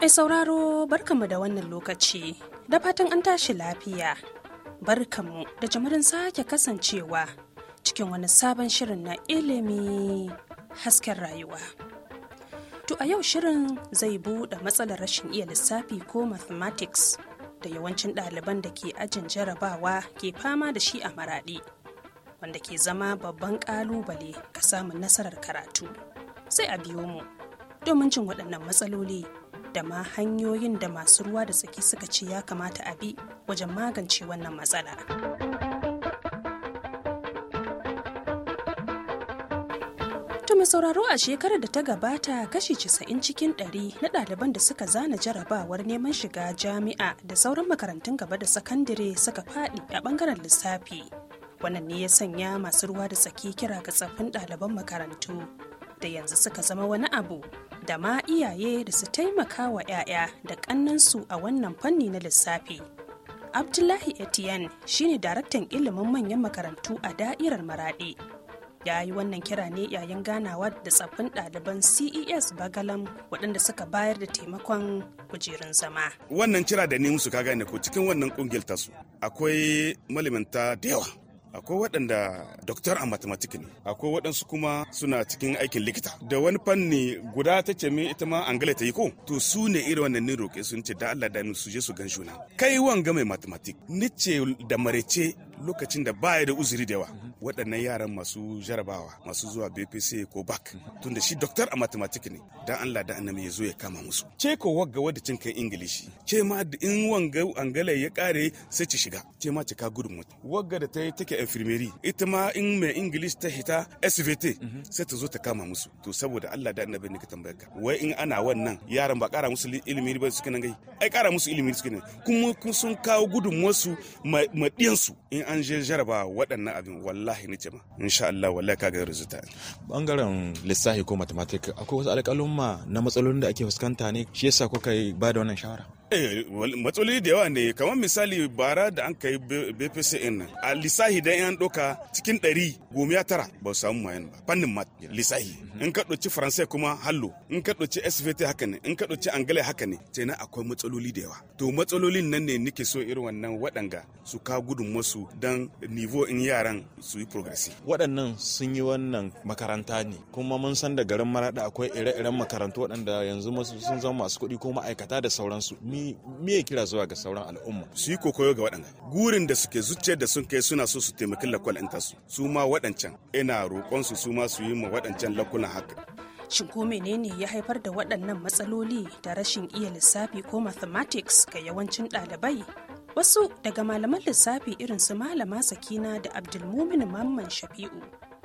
Mai sauraro mu da wannan lokaci, da fatan an tashi lafiya. mu da jimirin sake kasancewa cikin wani sabon shirin na ilimi hasken rayuwa. To a yau shirin zai buɗe matsalar rashin iya lissafi ko mathematics da yawancin ɗaliban da ke ajin jarabawa ke fama da shi a maraɗi, wanda ke zama babban ƙalubale ga samun nasarar karatu. Sai a biyo mu domin jin waɗannan matsaloli da ma hanyoyin da masu ruwa da tsaki suka ce ya kamata a bi wajen magance wannan matsala. mai sauraro a shekarar da ta gabata kashi 90 cikin ɗari na ɗaliban da suka zana jarabawar neman shiga jami'a da sauran makarantun gaba da sakandare suka faɗi a ɓangaren lissafi. Wannan ne ya sanya masu ruwa da tsaki kira ga tsaffin ɗaliban makarantu da yanzu suka zama wani abu da ma iyaye da su taimaka wa 'ya'ya da ƙannansu a wannan fanni na lissafi abdullahi etienne shine daraktan ilimin manyan makarantu a da'irar maraɗi ya yi wannan kira ne yayin ganawa da tsaffin ɗaliban ces bagalam waɗanda suka bayar da taimakon kujerun zama wannan kira da ne musu ka gane ko cikin wannan ƙungiyar tasu akwai malimanta da yawa akwai waɗanda doktor a matematikin ne akwai waɗansu kuma suna cikin aikin likita da wani fanni guda ta ce min ita ma angala ta yi ko to su ne irin wannan ni roƙe sun ce da Allah da su je su gan shuna kai wanga mai matematik ni ce da marece lokacin da baya da uzuri da yawa waɗannan yaran masu jarabawa masu zuwa bpc ko bak tunda shi doktor a mathematics ne dan allah da annabi ya zo ya kama musu ce ko wagga wadda cin kan ingilishi ce ma in wanga angala ya kare sai ci shiga ce ma cika gudun mutu wagga da ta yi take infirmeri ita ma in mai ingilish ta hita svt sai ta zo ta kama musu to saboda allah da annabi ne ka tambayar ka wai in ana wannan yaran ba kara musu ilimi ba suke nan gai ai kara musu ilimi suke nan kuma sun kawo gudun wasu ma in an je jaraba waɗannan abin wallahi ni ma insha Allah wallahi kaga rizuta bangaren lissafi ko mathematics akwai wasu alƙalumma na matsalolin da ake fuskanta ne shi yasa kuka ba da wannan shawara Eh, matsaloli da yawa ne kamar misali bara da an kai bpc nan a lissahi dan yan doka cikin ɗari ya tara ba su samu mayan ba fannin mat lissahi in ka ɗauki kuma hallo in ka ɗauki svt haka ne in ka ɗauki angale haka ne kenan akwai matsaloli da yawa to matsalolin nan ne nike so irin wannan waɗanga su ka gudun masu dan nivo in yaran su yi progressi waɗannan sun yi wannan makaranta ne kuma mun san da garin maraɗa akwai ire-iren makarantu waɗanda yanzu sun zama masu kuɗi ko ma'aikata da sauransu ni me kira zuwa ga sauran al'umma su yi kokoyo ga waɗanda gurin da suke zuciyar da sun kai suna so su taimaki lakwal ɗin tasu su ma waɗancan ina roƙon su su ma su yi ma waɗancan lakuna haka shin ko menene ya haifar da waɗannan matsaloli da rashin iya lissafi ko mathematics ga yawancin ɗalibai wasu daga malaman lissafi irin su malama sakina da abdulmumin mamman shafi'u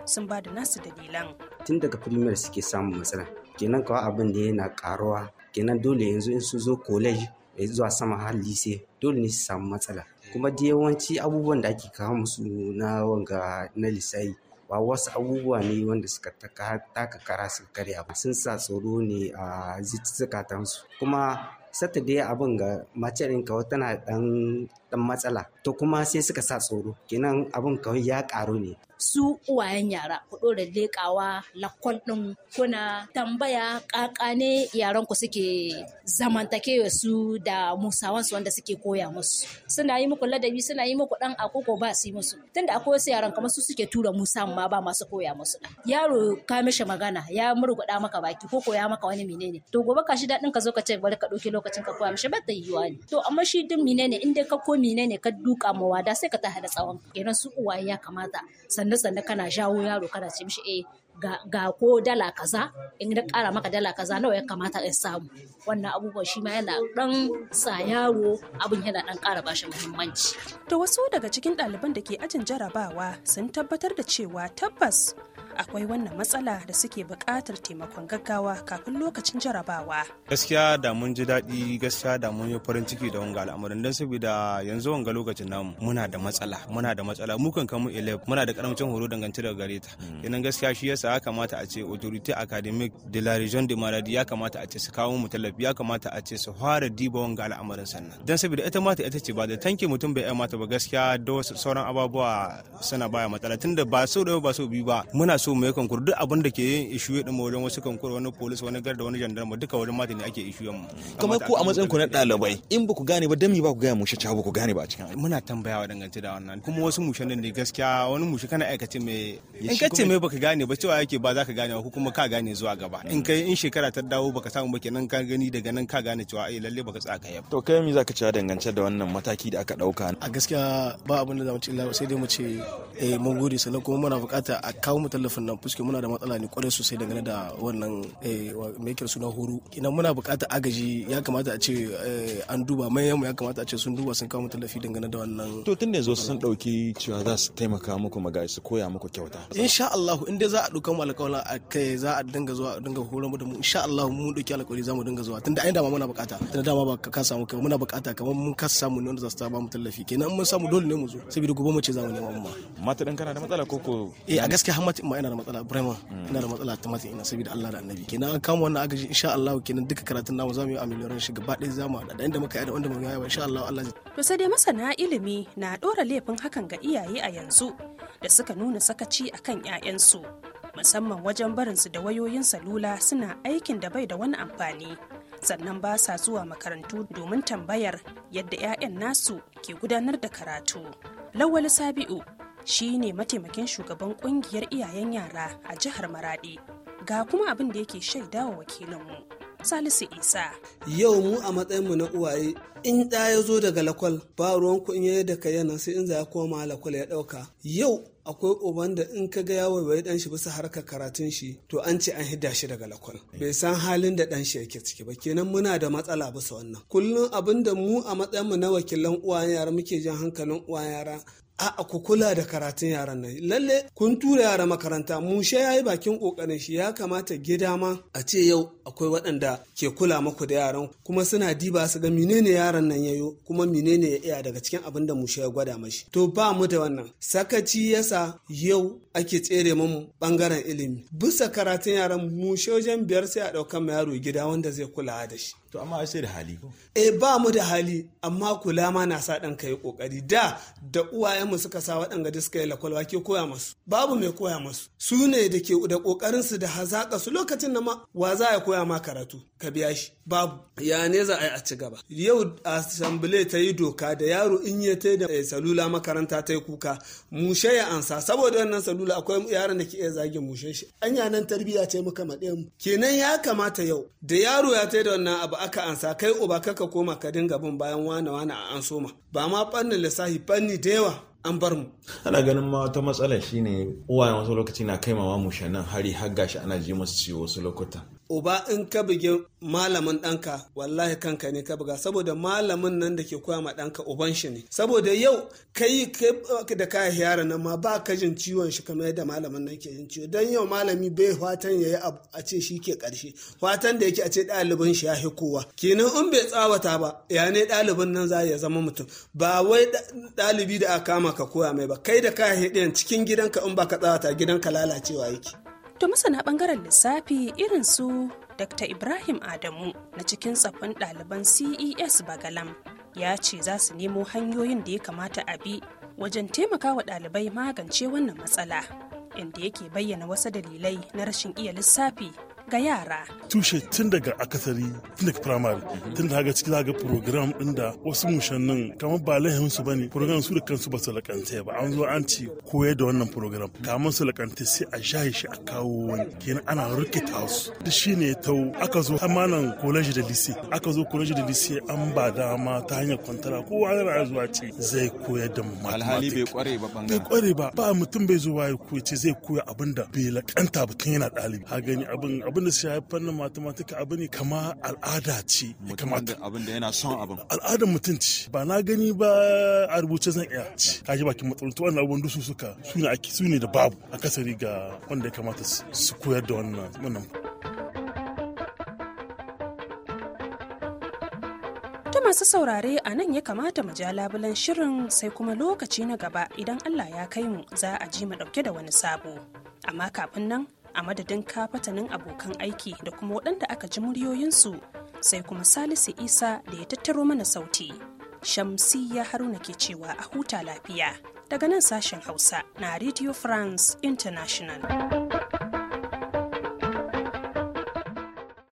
sun ba da nasu dalilan tun daga firimiyar suke samun matsala kenan kawai abin da yana karuwa kenan dole yanzu in su zo college Eh, zuwa sama har lise dole ne su samu matsala kuma da yawanci abubuwan da ake kawo musu na wanga na lisayi ba wasu abubuwa ne wanda suka taka kara suka karya ba sun sa tsoro ne a zikatansu kuma sata abin ga mace ɗinka tana ɗan matsala to kuma sai suka sa tsoro kenan abin kawai ya karu ne su uwayen yara ku dora leƙawa lakon ɗin kuna tambaya ne yaran ku suke zamantakewa su da musawan su wanda suke koya musu suna yi muku ladabi suna yi muku ɗan akoko ba su yi musu tunda akwai wasu yaran kamar su suke tura musa ma ba masu koya musu yaro ka mishi magana ya murguda maka baki ko koya maka wani menene to gobe ka shi daɗin ka zo ka ce bari ka ɗauki lokacin ka koya mishi ba ta yiwa ne to amma shi din menene in dai ka ko menene ka du duka ma wada sai ka ta da tsawon irin su uwaye ya kamata sannan sannan kana jawo yaro kana ce mishi eh ga ko dala kaza in na kara maka dala kaza nawa ya kamata in samu wannan abubuwan shi ma yana dan sa yaro abin yana dan kara bashi muhimmanci to wasu daga cikin ɗaliban da ke ajin jarabawa sun tabbatar da cewa tabbas akwai wannan matsala da suke buƙatar taimakon gaggawa kafin lokacin jarabawa gaskiya da mun ji daɗi gaskiya da mun yi farin ciki da wanga al'amarin don saboda yanzu wanga lokacin namu muna da matsala muna da matsala mu kan kamu 11 muna da karamcin horo dangance da gare ta hmm. kenan gaskiya shi ya. matasa ya kamata a ce Autorité académique de la région de maradi ya kamata a ce su kawo mu tallafi ya kamata a ce su fara diba wanga al'amarin sannan dan saboda ita mata ita ce ba da tanki mutum bai mata ba gaskiya da sauran ababuwa suna baya matsala tunda ba so da ba so biyu ba muna so mu yi kankur duk abin da ke yin ya dama wajen wasu kankur wani polis wani garda wani jandarma duka wajen mata ne ake ishuyen mu kamar ku a matsayin ku na ɗalibai in ba ku gane ba dami ba ku gane mu shi ba ku gane ba cikin muna wa dangantaka da wannan kuma wasu mushe ne gaskiya wani mushe kana aikace mai in ce mai baka gane ba cewa cewa yake ba za ka gane ba kuma ka gane zuwa gaba in kai in shekara ta dawo baka samu ba kenan ka gani daga nan ka gane cewa ai eh, lalle baka tsaka yau to kai me zaka ka cewa dangance da wannan mataki da aka dauka a gaskiya ba abin da za mu ce sai dai mu ce eh mun gode sannan kuma muna bukata a kawo mu tallafin nan fuske muna da matsala ne kwarai sosai dangane da wannan eh me suna horo ina muna bukata agaji ya kamata a ce eh, an duba mai mu ya kamata a ce sun duba sun kawo mu tallafi dangane da wannan to tun da yanzu sun dauki cewa za su taimaka muku magana su koya muku kyauta insha Allah in dai za a dukkan mu alƙawala a kai za a dinga zuwa a dinga horar da mu insha Allah mu ɗauki alƙawari za mu dinga zuwa tunda ai dama muna bukata tunda dama ba ka samu kai muna bukata kamar mun ka samu ne wanda za su ba mu tallafi kenan mun samu dole ne mu zo saboda gobe mu ce za mu nema mu mata dan kana da matsala ko ko eh a gaskiya har mata ina da matsala Ibrahim hmm. ina da matsala ta mata ina saboda Allah da Annabi kenan an kama wannan agaji insha Allah kenan duka karatun namu za mu yi amelioran shi gaba ɗaya za mu haɗa da inda muka yi da wanda muka yi ba insha Allah Allah to sai dai masana ilimi na dora laifin hakan ga iyaye a yanzu da suka nuna sakaci akan 'ya'yansu musamman wajen barinsu da wayoyin salula suna aikin da bai da wani amfani sannan ba sa zuwa makarantu domin tambayar yadda 'ya'yan nasu ke gudanar da karatu lawal sabi'u shi ne mataimakin shugaban kungiyar iyayen yara a jihar maradi ga kuma abin da yake shaidawa wakilinmu Salisu Isa. Yau mu a matsayinmu na uwaye in ɗa ya zo daga lakwal ba ruwan kunya da kai yana sai in za ya koma lakwal ya ɗauka. Yau akwai uban da in ka ga ya bai dan shi bisa harkar karatun shi to an ce an hidda shi daga lakwal bai san halin da dan shi yake ciki ba kenan muna da matsala bisa wannan kullum abin da mu a matsayin mu na wakilan uwayen yara muke jan hankalin uwayen yara a'a ku kula da karatun yaran nan lalle kun tura yara makaranta mushe ya yi bakin kokarin shi ya kamata gida ma a ce yau akwai waɗanda ke kula maku da yaran kuma suna diba su ga menene yaran nan yayo kuma menene ya iya daga cikin abin da mushe ya gwada mashi to ba mu da wannan sakaci yasa yau ake tsere mu bangaren ilimi bisa karatun yaran mushe wajen biyar sai a ɗaukan ma yaro gida wanda zai kula da shi To amma sai da hali ko? Eh ba mu da hali amma kula ma na sa ɗan ka yi da da uwayen malaman mu suka sa waɗanga da suka lakwalwa ke koya masu babu mai koya masu su ne da ke da ƙoƙarin su da hazaƙa su lokacin da ma wa za a koya ma karatu ka biya shi babu ya ne za a yi a ci gaba yau asambile ta yi doka da yaro in ya ta da eh, salula makaranta ta yi kuka mushe ya ansa saboda wannan salula akwai yaron da ke iya zage mushe shi anya nan tarbiyya ce muka maɗe mu kenan ya kamata yau da yaro ya ta da wannan abu aka ansa kai uba kaka koma ka dinga bin bayan wane wane a an soma ba ma fannin lissafi fanni da yawa an bar mu ana ganin ma wata matsala shine uwayen wasu lokaci na kaimawa mu mushannan hari har gashi ana ji musu ciwo wasu lokuta uba in ka bugi malamin ɗanka wallahi kanka ne ka buga saboda malamin nan da ke koya ma ɗanka uban shi ne saboda yau kai da ka yara nan ma ba ka jin ciwon shi kamar yadda malamin nan ke jin ciwo don yau malami bai fatan ya abu a ce shi ke ƙarshe fatan da yake a ce ɗalibin shi ya fi kowa kenan in bai tsawata ba ya ne ɗalibin nan za ya zama mutum ba wai ɗalibi da aka kama ka koya mai ba kai da ka cikin gidanka in ba ka tsawata gidanka lalacewa yake. To masana bangaren lissafi irin su Dr. Ibrahim Adamu na cikin tsaffin ɗaliban CES Bagalam ya ce za su nemo hanyoyin da ya kamata a bi wajen taimakawa ɗalibai magance wannan matsala inda yake bayyana wasu dalilai na rashin iya lissafi ga yara. Tushe tun daga akasari tun daga firamare tun da haga cikin haga program din da wasu mushannin kamar ba laihin su bane program su da kansu ba su lakanta ba an zo an ci koyar da wannan program kamar su lakanta sai a shaye shi a kawo wani kenan ana rikita su duk shine ya tau aka zo amanan koleji da lise aka zo koleji da lise an ba dama ta hanyar kwantara kowa yana zuwa ce zai koyar da mathematics alhali bai kware ba bangaren bai kware ba ba mutum bai zo ya koyi ce zai koya abin da bai lakanta ba tun yana ɗalibi ha gani abin abin abin da shafi fannin matematika abu ne kama al'ada ce ya kamata abin da yana son abin al'adar ce ba na gani ba a rubuce zan iya ci kaji bakin matsalolin to wannan abubuwan dusu suka su ne ake su ne da babu a kasari ga wanda ya kamata su koyar da wannan wannan masu saurare a nan ya kamata mu ja labulan shirin sai kuma lokaci na gaba idan Allah ya kai mu za a ji mu dauke da wani sabo. Amma kafin nan a madadin kafatanin abokan aiki da kuma waɗanda aka ji muryoyinsu sai kuma salisu isa da ya tattaro mana sauti shamsiyya haruna ke cewa a huta lafiya daga nan sashen hausa na radio france international